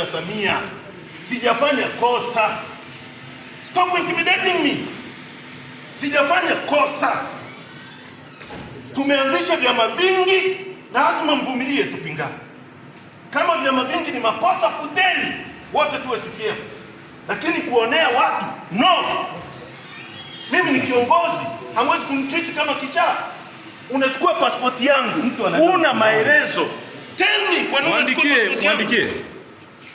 na Samia, sijafanya kosa. Stop intimidating me. Sijafanya kosa. Tumeanzisha vyama vingi, lazima mvumilie, tupingane. Kama vyama vingi ni makosa, futeni wote tuwe CCM, lakini kuonea watu no. Mimi ni kiongozi, hamwezi kumtreat kama kichaa. Unachukua pasipoti yangu, una maelezo teni, kwa nini unachukua pasipoti yangu?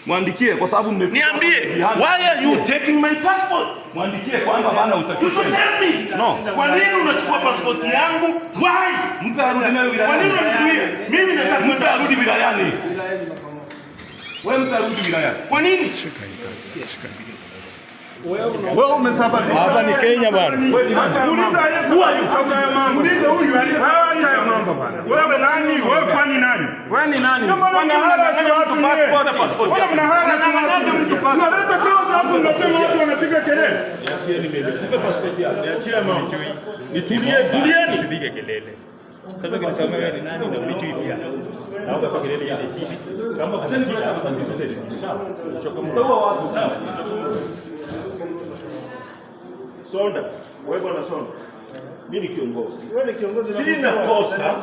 Mwandikie kwa sababu mmefika. Niambie. Why are you taking my passport? Mwandikie kwamba bana utakisha. tell me. No. Kwa nini unachukua passport yangu? Why? Mpe arudi nayo bila. Kwa nini unanizuia? Mimi nataka kwenda arudi yani. Wewe mpe arudi yani. Kwa nini? Shika hii. Shika hii. Wewe umesababisha. Hapa ni Kenya bwana. Wewe ni nani? Uliza Yesu nani? Wewe kwani nani? Wewe ni nani? Kwani mnadanganya watu passport au passport? Mbona mnadanganya mtu passport? Mnaleta kaos hapo mnasema watu wanapiga kelele. Niachie mimi. Sipe passport yako. Niachie mama. Nitulie, tulieni. Sipige kelele. Sasa kile sema wewe ni nani na mimi pia. Naomba kwa kelele ile chini. Kama kusema bila hapa nzitote. Sawa. watu sawa. Sonda. Wewe bwana sonda. Mimi ni kiongozi, sina kosa.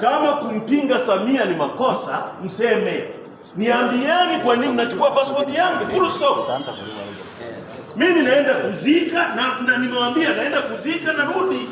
Kama kumpinga Samia ni makosa, mseme, niambieni kwa nini mnachukua pasipoti yangu, full stop. Mimi naenda kuzika na, na nimewaambia naenda kuzika, narudi